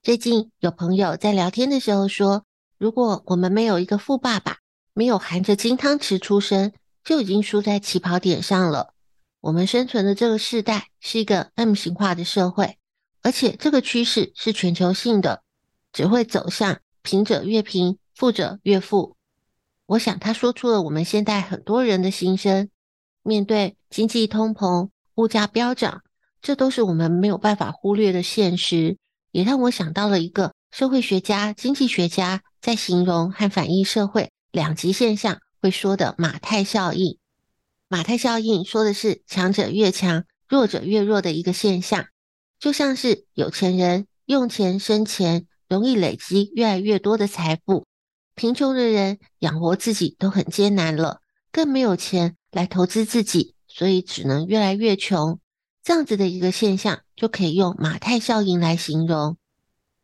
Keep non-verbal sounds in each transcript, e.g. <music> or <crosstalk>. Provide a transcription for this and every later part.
最近有朋友在聊天的時候說：“如果我們沒有一個富爸爸，沒有含着金湯匙出生，就已經輸在起跑點上了。”我們生存的這個世代是一個 M 型化的社會，而且這個趨勢是全球性的，只會走向貧者越貧，富者越富。我想，他說出了我們現代很多人的心聲。面對經濟通膨、物價飆漲，這都是我們沒有辦法忽略的現實。也讓我想到了一個社會學家、經濟學家在形容和反映社會兩極現象會說的馬太效應。馬太效應說的是強者越強，弱者越弱的一個現象。就像是有錢人用錢生錢，容易累積越來越多的財富；貧窮的人養活自己都很艱難了，更沒有錢來投資自己，所以只能越來越窮。這樣子的一個現象就可以用馬太效應來形容。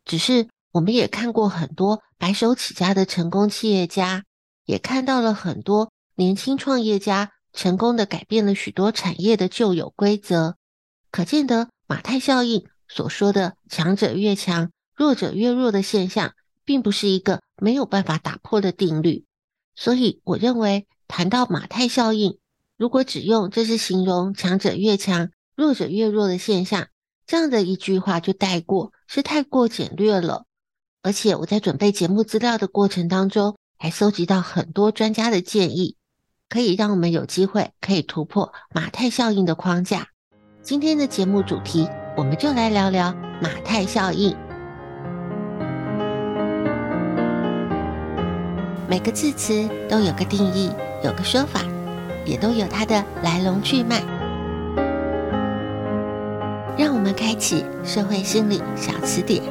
只是我們也看過很多白手起家的成功企業家，也看到了很多年輕創業家成功地改變了許多產業的舊有規則。可見得馬太效應所說的強者越強、弱者越弱的現象，並不是一個沒有辦法打破的定律。所以我認為，談到馬太效應，如果只用這些形容強者越強，弱者越弱的現象，這樣的一句話就帶過，是太過簡略了。而且我在準備節目資料的過程當中，還蒐集到很多專家的建議，可以讓我們有機會可以突破馬太效應的框架。今天的節目主題，我們就來聊聊馬太效應。每個字詞都有個定義，有個說法，也都有它的來龍去脈。讓我們開啟社會心理小詞典。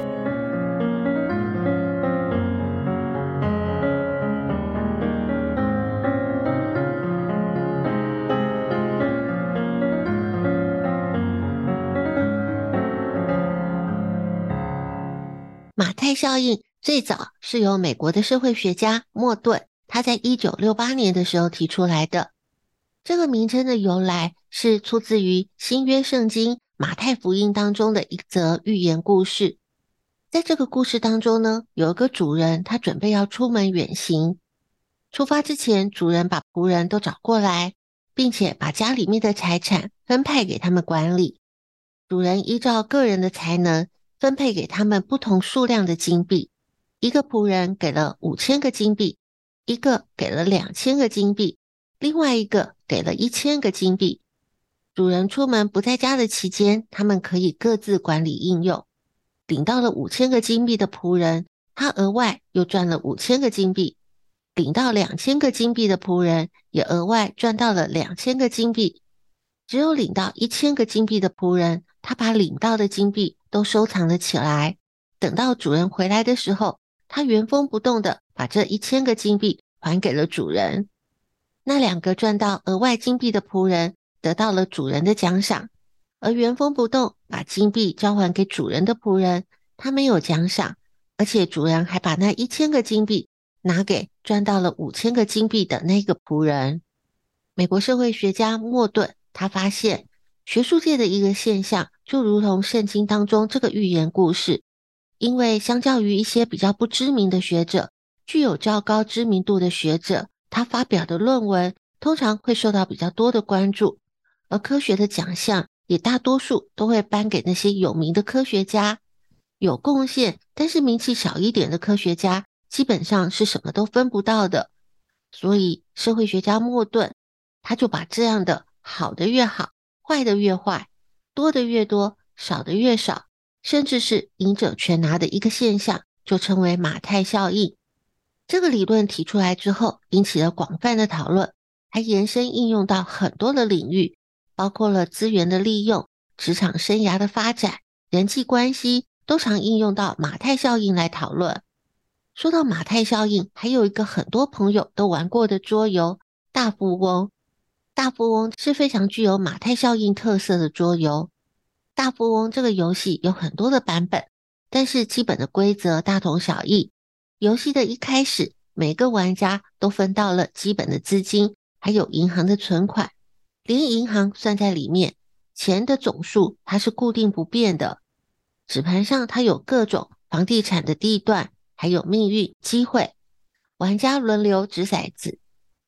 馬太效應最早是由美國的社會學家莫頓，他在1968年的時候提出來的。這個名稱的由來是出自於新約聖經。馬太福音當中的一則寓言故事，在這個故事當中呢，有一個主人，他準備要出門遠行。出發之前，主人把僕人都找過來，並且把家裡面的財產分配給他們管理。主人依照個人的才能，分配給他們不同數量的金幣。一個僕人給了五千個金幣，一個給了兩千個金幣，另外一個給了一千個金幣。主人出門不在家的期間，他們可以各自管理應用。領到了五千個金幣的僕人，他額外又賺了五千個金幣；領到兩千個金幣的僕人，也額外賺到了兩千個金幣。只有領到一千個金幣的僕人，他把領到的金幣都收藏了起來。等到主人回來的時候，他原封不動的把這一千個金幣還給了主人。那兩個賺到額外金幣的僕人，得到了主人的獎賞，而原封不動把金幣交還給主人的僕人，他沒有獎賞，而且主人還把那一千個金幣拿給賺到了五千個金幣的那個僕人。美國社會學家莫頓，他發現學術界的一個現象，就如同聖經當中這個寓言故事，因為相較於一些比較不知名的學者，具有較高知名度的學者，他發表的論文通常會受到比較多的關注。而科學的獎項也大多數都會頒給那些有名的科學家，有貢獻，但是名氣小一點的科學家基本上是什麼都分不到的。所以社會學家莫頓他就把這樣的好的越好，壞的越壞，多的越多，少的越少，甚至是贏者全拿的一個現象，就稱為馬太效應。這個理論提出來之後，引起了廣泛的討論，還延伸應用到很多的領域。包括了資源的利用、職場生涯的發展、人際關係，都常應用到馬太效應來討論。說到馬太效應，還有一個很多朋友都玩過的桌遊《大富翁》。大富翁是非常具有馬太效應特色的桌遊。大富翁這個遊戲有很多的版本，但是基本的規則大同小異。遊戲的一開始，每個玩家都分到了基本的資金，還有銀行的存款。連銀行算在裡面，錢的總數它是固定不變的。紙盤上它有各種房地產的地段，還有命運、機會。玩家輪流擲骰子，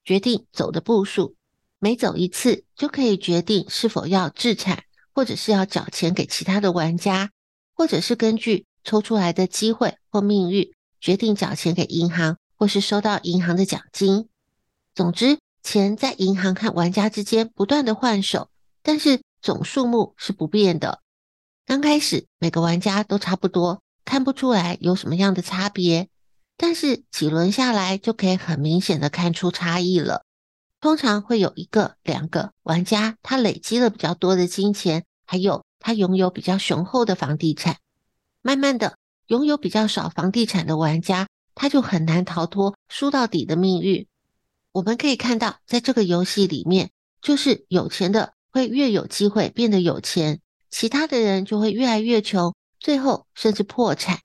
決定走的步數。每走一次，就可以決定是否要置產，或者是要繳錢給其他的玩家，或者是根據抽出來的機會或命運，決定繳錢給銀行，或是收到銀行的獎金。總之。錢在銀行和玩家之間不斷的換手，但是總數目是不變的。剛開始每個玩家都差不多，看不出來有什麼樣的差別。但是幾輪下來，就可以很明顯的看出差異了。通常會有一個、兩個玩家，他累積了比較多的金錢，還有他擁有比較雄厚的房地產。慢慢的，擁有比較少房地產的玩家，他就很難逃脫輸到底的命運。我們可以看到，在這個遊戲裡面，就是有錢的會越有機會變得有錢，其他的人就會越來越窮，最後甚至破產。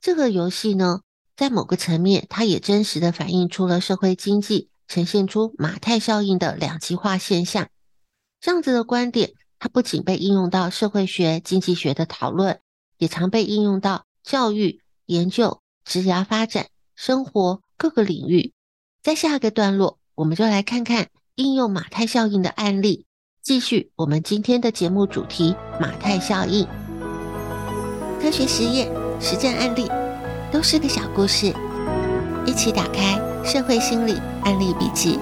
這個遊戲呢，在某個層面，它也真實地反映出了社會經濟呈現出馬太效應的兩極化現象。這樣子的觀點，它不僅被應用到社會學、經濟學的討論，也常被應用到教育、研究、職涯發展、生活各個領域。在下個段落，我們就來看看應用馬太效應的案例。繼續我們今天的節目主題：馬太效應、科學實驗、實戰案例，都是個小故事。一起打開社會心理案例筆記。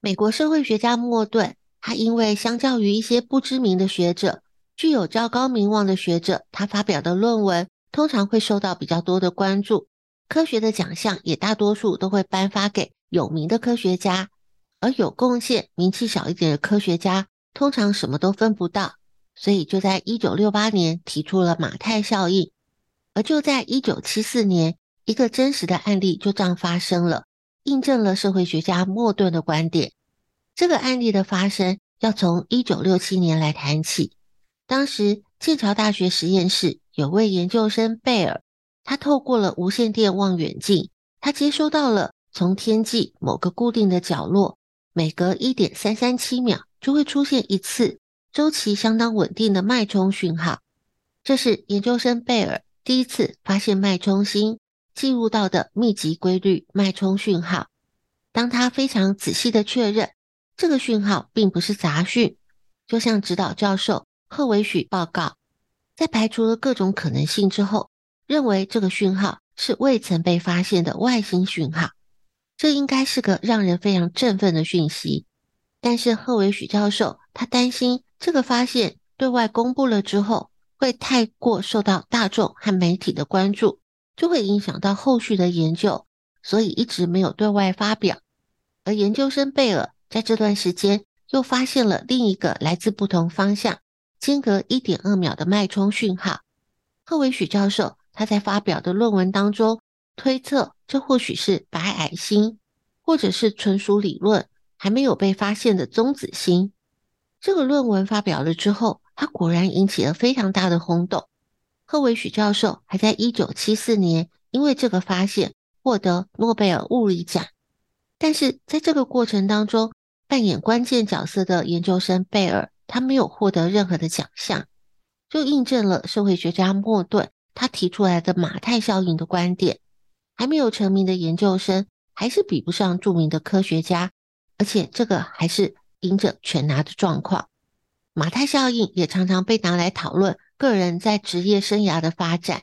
美國社會學家莫頓，他因為相較於一些不知名的學者，具有較高名望的學者，他發表的論文通常會受到比較多的關注，科學的獎項也大多數都會頒發給有名的科學家，而有貢獻、名氣小一點的科學家通常什麼都分不到。所以就在一九六八年提出了馬太效應，而就在一九七四年，一個真實的案例就這樣發生了，印證了社會學家莫頓的觀點。這個案例的發生要從一九六七年來談起，當時劍橋大學實驗室。有位研究生貝爾，他透過了無線電望遠鏡，他接收到了從天際某個固定的角落，每隔一點三三七秒就會出現一次週期相當穩定的脈衝訊號。這是研究生貝爾第一次發現脈衝星進入到的密集規律脈衝訊號。當他非常仔細的確認這個訊號並不是雜訊，就向指導教授賀維許報告。在排除了各種可能性之後，認為這個訊號是未曾被發現的外星訊號，這應該是個讓人非常振奮的訊息。但是赫維許教授他擔心這個發現對外公布了之後，會太過受到大眾和媒體的關注，就會影響到後續的研究，所以一直沒有對外發表。而研究生貝爾在這段時間又發現了另一個來自不同方向。間隔一點二秒的脈衝訊號，赫維許教授他在發表的論文當中推測，這或許是白矮星，或者是純屬理論還沒有被發現的中子星。這個論文發表了之後，他果然引起了非常大的轟動。赫維許教授還在一九七四年因為這個發現獲得諾貝爾物理獎。但是在這個過程當中，扮演關鍵角色的研究生貝爾。他沒有獲得任何的獎項，就印證了社會學家莫頓他提出來的馬太效應的觀點。還沒有成名的研究生，還是比不上著名的科學家，而且這個還是贏者全拿的狀況。馬太效應也常常被拿來討論個人在職業生涯的發展。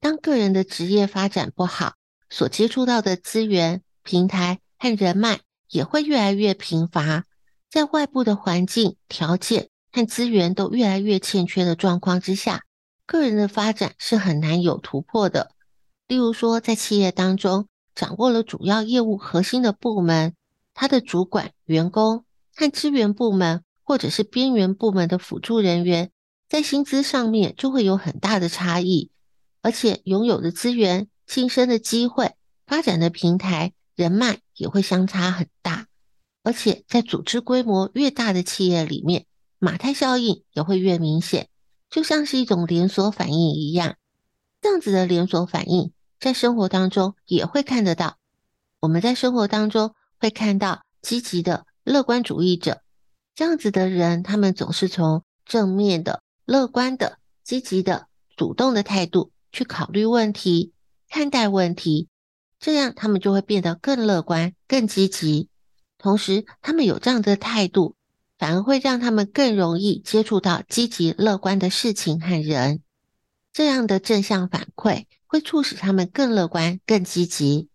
當個人的職業發展不好，所接觸到的資源、平台和人脈也會越來越貧乏。在外部的環境條件和資源都越來越欠缺的狀況之下，個人的發展是很難有突破的。例如說，在企業當中，掌握了主要業務核心的部門，他的主管、員工和資源部門，或者是邊緣部門的輔助人員，在薪資上面就會有很大的差異，而且擁有的資源、晉升的機會、發展的平台、人脈也會相差很大。而且，在組織規模越大的企業裡面，馬太效應也會越明顯，就像是一種連鎖反應一樣。這樣子的連鎖反應，在生活當中也會看得到。我們在生活當中會看到積極的樂觀主義者，這樣子的人，他們總是從正面的、樂觀的、積極的、主動的態度去考慮問題、看待問題，這樣他們就會變得更樂觀、更積極。同時，他們有這樣子的態度，反而會讓他們更容易接觸到積極樂觀的事情和人。這樣的正向反饋會促使他們更樂觀、更積極。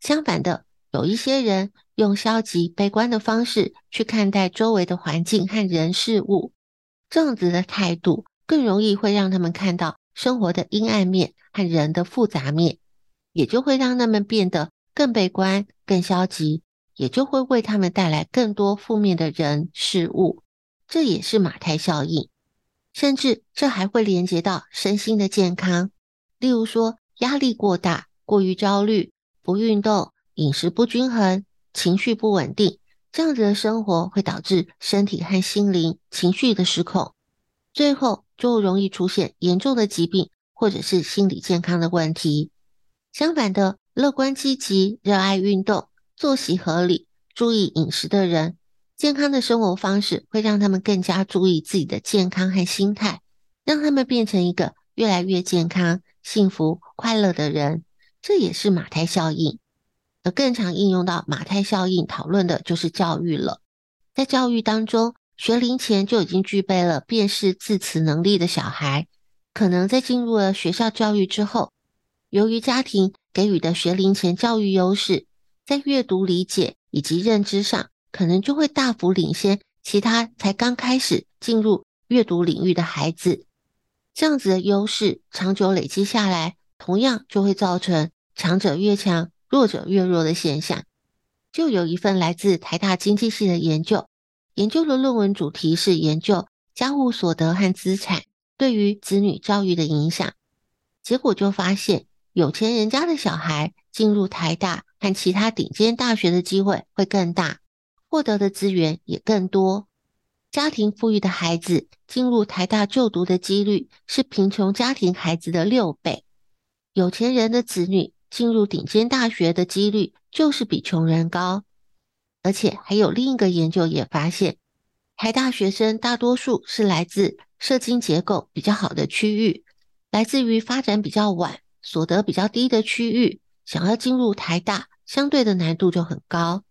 相反的，有一些人用消極、悲觀的方式去看待周圍的環境和人事物，這樣子的態度更容易會讓他們看到生活的陰暗面和人的複雜面，也就會讓他們變得更悲觀、更消極。也就會為他們帶來更多負面的人事物，這也是馬太效應。甚至這還會連接到身心的健康，例如說壓力過大、過於焦慮、不運動、飲食不均衡、情緒不穩定，這樣子的生活會導致身體和心靈情緒的失控，最後就容易出現嚴重的疾病或者是心理健康的問題。相反的，樂觀積極、熱愛運動。作息合理、注意飲食的人，健康的生活方式會讓他們更加注意自己的健康和心態，讓他們變成一個越來越健康、幸福、快樂的人。這也是馬太效應。而更常應用到馬太效應討論的就是教育了。在教育當中，學齡前就已經具備了辨識字詞能力的小孩，可能在進入了學校教育之後，由於家庭給予的學齡前教育優勢，在閱讀理解以及認知上，可能就會大幅領先其他才剛開始進入閱讀領域的孩子。這樣子的優勢，長久累積下來，同樣就會造成強者越強、弱者越弱的現象。就有一份來自台大經濟系的研究，研究的論文主題是研究家戶所得和資產對於子女教育的影響。結果就發現，有錢人家的小孩進入台大。和其他頂尖大學的機會會更大，獲得的資源也更多。家庭富裕的孩子進入台大就讀的幾率是貧窮家庭孩子的六倍。有錢人的子女進入頂尖大學的幾率就是比窮人高。而且還有另一個研究也發現，台大學生大多數是來自社經結構比較好的區域，來自於發展比較晚、所得比較低的區域，想要進入台大。相對的難度就很高，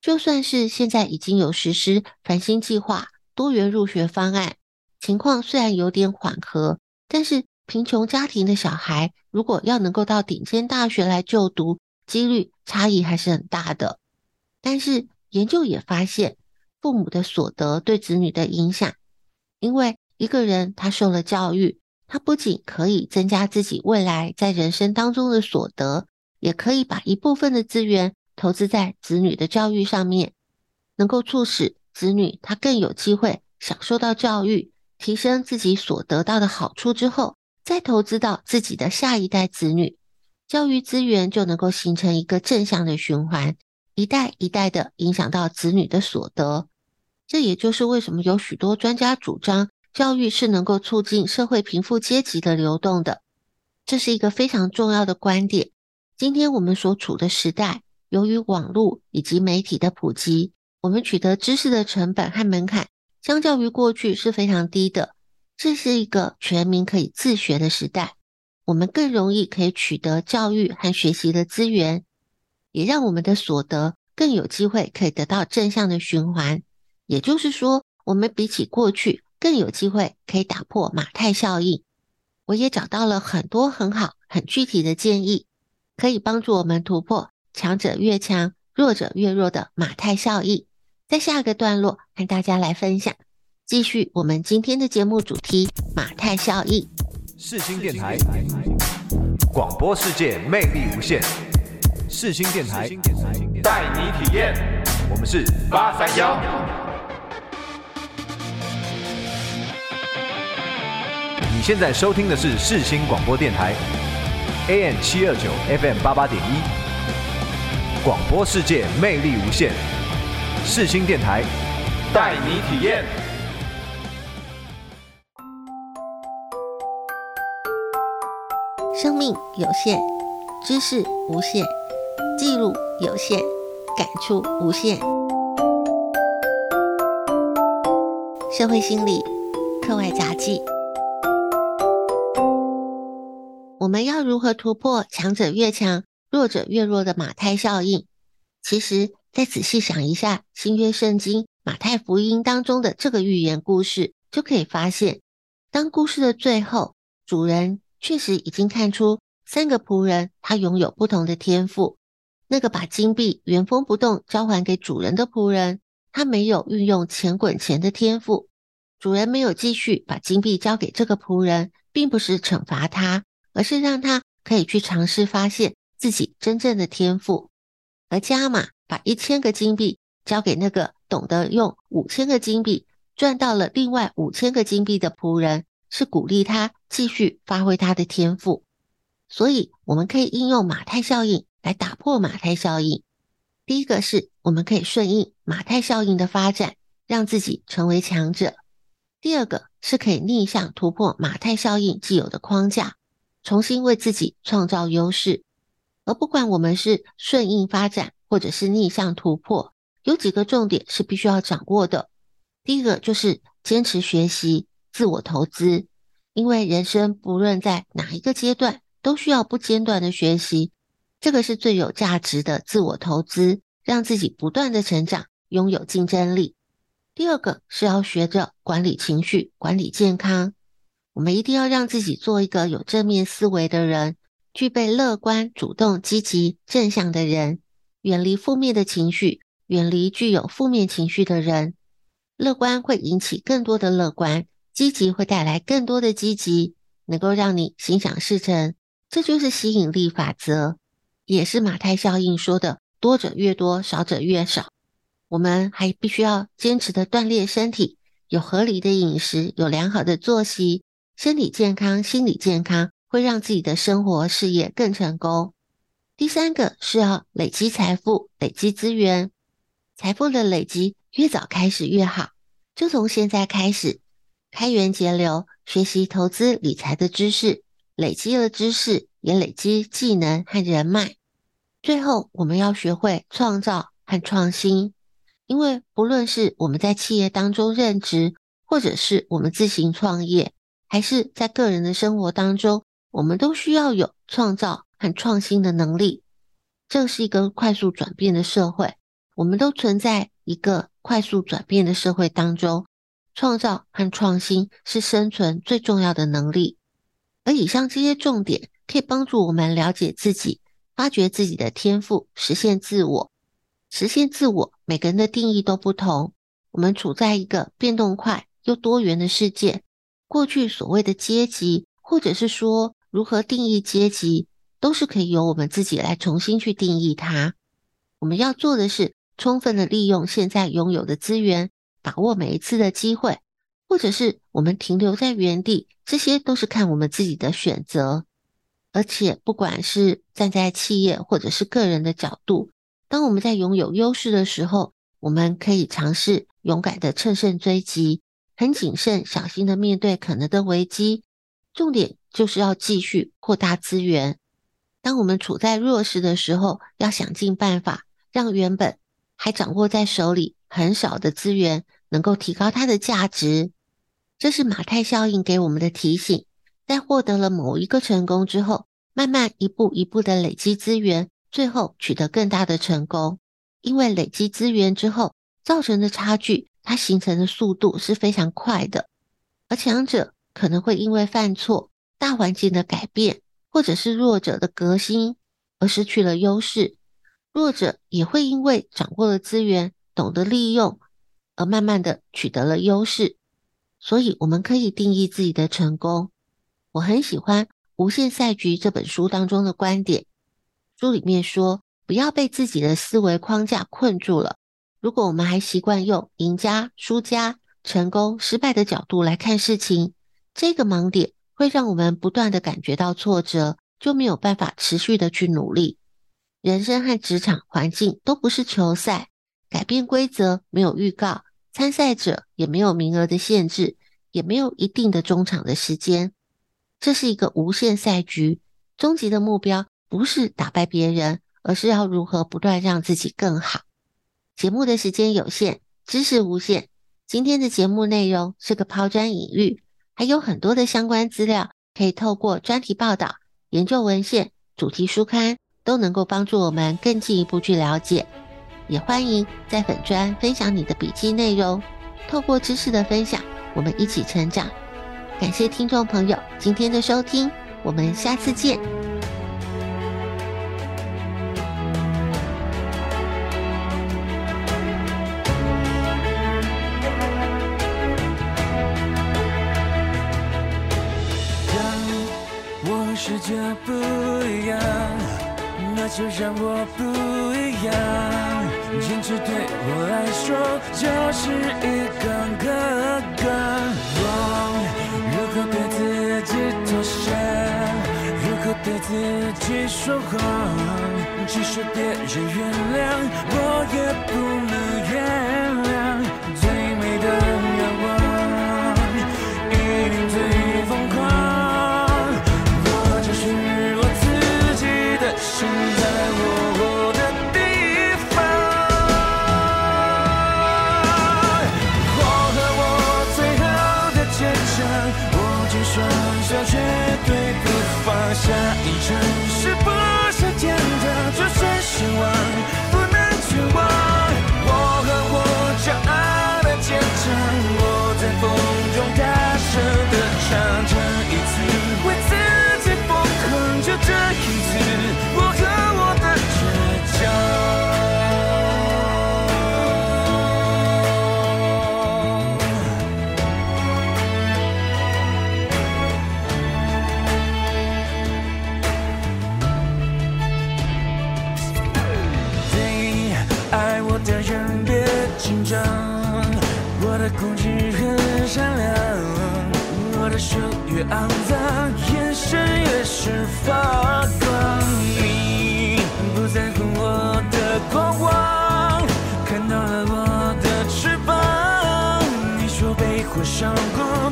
就算是現在已經有實施繁星計劃、多元入學方案，情況雖然有點緩和，但是貧窮家庭的小孩如果要能夠到頂尖大學來就讀，幾率差異還是很大的。但是研究也發現，父母的所得對子女的影響，因為一個人他受了教育，他不僅可以增加自己未來在人生當中的所得，也可以把一部分的資源投資在子女的教育上面，能夠促使子女他更有機會享受到教育，提升自己所得到的好處之後，再投資到自己的下一代子女，教育資源就能夠形成一個正向的循環，一代一代的影響到子女的所得。這也就是為什麼有許多專家主張教育是能夠促進社會貧富階級的流動的，這是一個非常重要的觀點。今天我們所處的時代，由於網絡以及媒體的普及，我們取得知識的成本和門檻，相較於過去是非常低的。這是一個全民可以自學的時代，我們更容易可以取得教育和學習的資源，也讓我們的所得更有機會可以得到正向的循環。也就是說，我們比起過去更有機會可以打破馬太效應。我也找到了很多很好、很具體的建議。可以幫助我們突破強者越強、弱者越弱的馬太效應。在下個段落，和大家來分享。繼續我們今天的節目主題——馬太效應。世新電台，廣播世界魅力無限。世新電，電台，帶你體驗。我們是八三幺。你現在收聽的是世新廣播電台。AM 七二九 FM 八八點一，廣播世界魅力無限，世新電台帶你體驗。生命有限，知識無限，記錄有限，感觸無限。社會心理，課外雜記。我們要如何突破強者越強、弱者越弱的馬太效應？其實，再仔細想一下《新約聖經》馬太福音當中的這個寓言故事，就可以發現，當故事的最後，主人確實已經看出三個僕人他擁有不同的天賦。那個把金幣原封不動交還給主人的僕人，他沒有運用錢滾錢的天賦，主人沒有繼續把金幣交給這個僕人，並不是懲罰他。而是讓他可以去嘗試發現自己真正的天賦。而加碼把一千個金幣交給那個懂得用五千個金幣賺到了另外五千個金幣的僕人，是鼓勵他繼續發揮他的天賦。所以我們可以應用馬太效應來打破馬太效應。第一個是我們可以順應馬太效應的發展，讓自己成為強者；第二個是可以逆向突破馬太效應既有的框架。重新為自己創造優勢，而不管我們是順應發展，或者是逆向突破，有幾個重點是必須要掌握的。第一個就是堅持學習、自我投資，因為人生不論在哪一個階段，都需要不間斷的學習，這個是最有價值的自我投資，讓自己不斷的成長，擁有競爭力。第二個是要學着管理情緒、管理健康。我們一定要讓自己做一個有正面思維的人，具備樂觀、主動、積極、正向的人，遠離負面的情緒，遠離具有負面情緒的人。樂觀會引起更多的樂觀，積極會帶來更多的積極，能夠讓你心想事成。這就是吸引力法則，也是馬太效應說的：多者越多，少者越少。我們還必須要堅持地鍛鍊身體，有合理的飲食，有良好的作息。身體健康、心理健康會讓自己的生活、事業更成功。第三個是要累積財富、累積資源。財富的累積越早開始越好，就從現在開始，開源節流，學習投資理財的知識，累積了知識，也累積技能和人脈。最後，我們要學會創造和創新，因為不論是我們在企業當中任職，或者是我們自行創業。還是在個人的生活當中，我們都需要有創造和創新的能力。這是一個快速轉變的社會，我們都存在一個快速轉變的社會當中，創造和創新是生存最重要的能力。而以上這些重點可以幫助我們了解自己，發掘自己的天賦，實現自我。實現自我，每個人的定義都不同。我們處在一個變動快又多元的世界。過去所謂的階級，或者是說如何定義階級，都是可以由我們自己來重新去定義它。我們要做的是充分的利用現在擁有的資源，把握每一次的機會，或者是我們停留在原地，這些都是看我們自己的選擇。而且不管是站在企業或者是個人的角度，當我們在擁有優勢的時候，我們可以嘗試勇敢的乘勝追擊。很謹慎、小心的面對可能的危機，重點就是要繼續擴大資源。當我們處在弱勢的時候，要想盡辦法讓原本還掌握在手裡很少的資源，能夠提高它的價值。這是馬太效應給我們的提醒：在獲得了某一個成功之後，慢慢一步一步的累積資源，最後取得更大的成功。因為累積資源之後造成的差距。它形成的速度是非常快的，而強者可能會因為犯錯、大環境的改變，或者是弱者的革新而失去了優勢；弱者也會因為掌握了資源、懂得利用，而慢慢的取得了優勢。所以，我們可以定義自己的成功。我很喜歡《無限賽局》這本書當中的觀點，書裡面說：不要被自己的思維框架困住了。如果我們還習慣用贏家、輸家、成功、失敗的角度來看事情，這個盲點會讓我們不斷的感覺到挫折，就沒有辦法持續的去努力。人生和職場環境都不是球賽，改變規則沒有預告，參賽者也沒有名額的限制，也沒有一定的中場的時間。這是一個無限賽局，終極的目標不是打敗別人，而是要如何不斷讓自己更好。節目的時間有限，知識無限。今天的節目內容是個拋磚引玉，還有很多的相關資料可以透過專題報道、研究文獻、主題書刊都能夠幫助我們更進一步去了解。也歡迎在粉專分享你的筆記內容，透過知識的分享，我們一起成長。感謝聽眾朋友今天的收聽，我們下次見。這不一樣，那就讓我不一樣。堅持對我來說就是以剛克剛。我如果對自己妥協，如果對自己說謊，即使別人原諒，我也不能原諒。倔強，我的固執很善良，我的手越骯髒，眼神越是發光。 <noise> 你不在乎我的過往，看到了我的翅膀。你說被火燒過。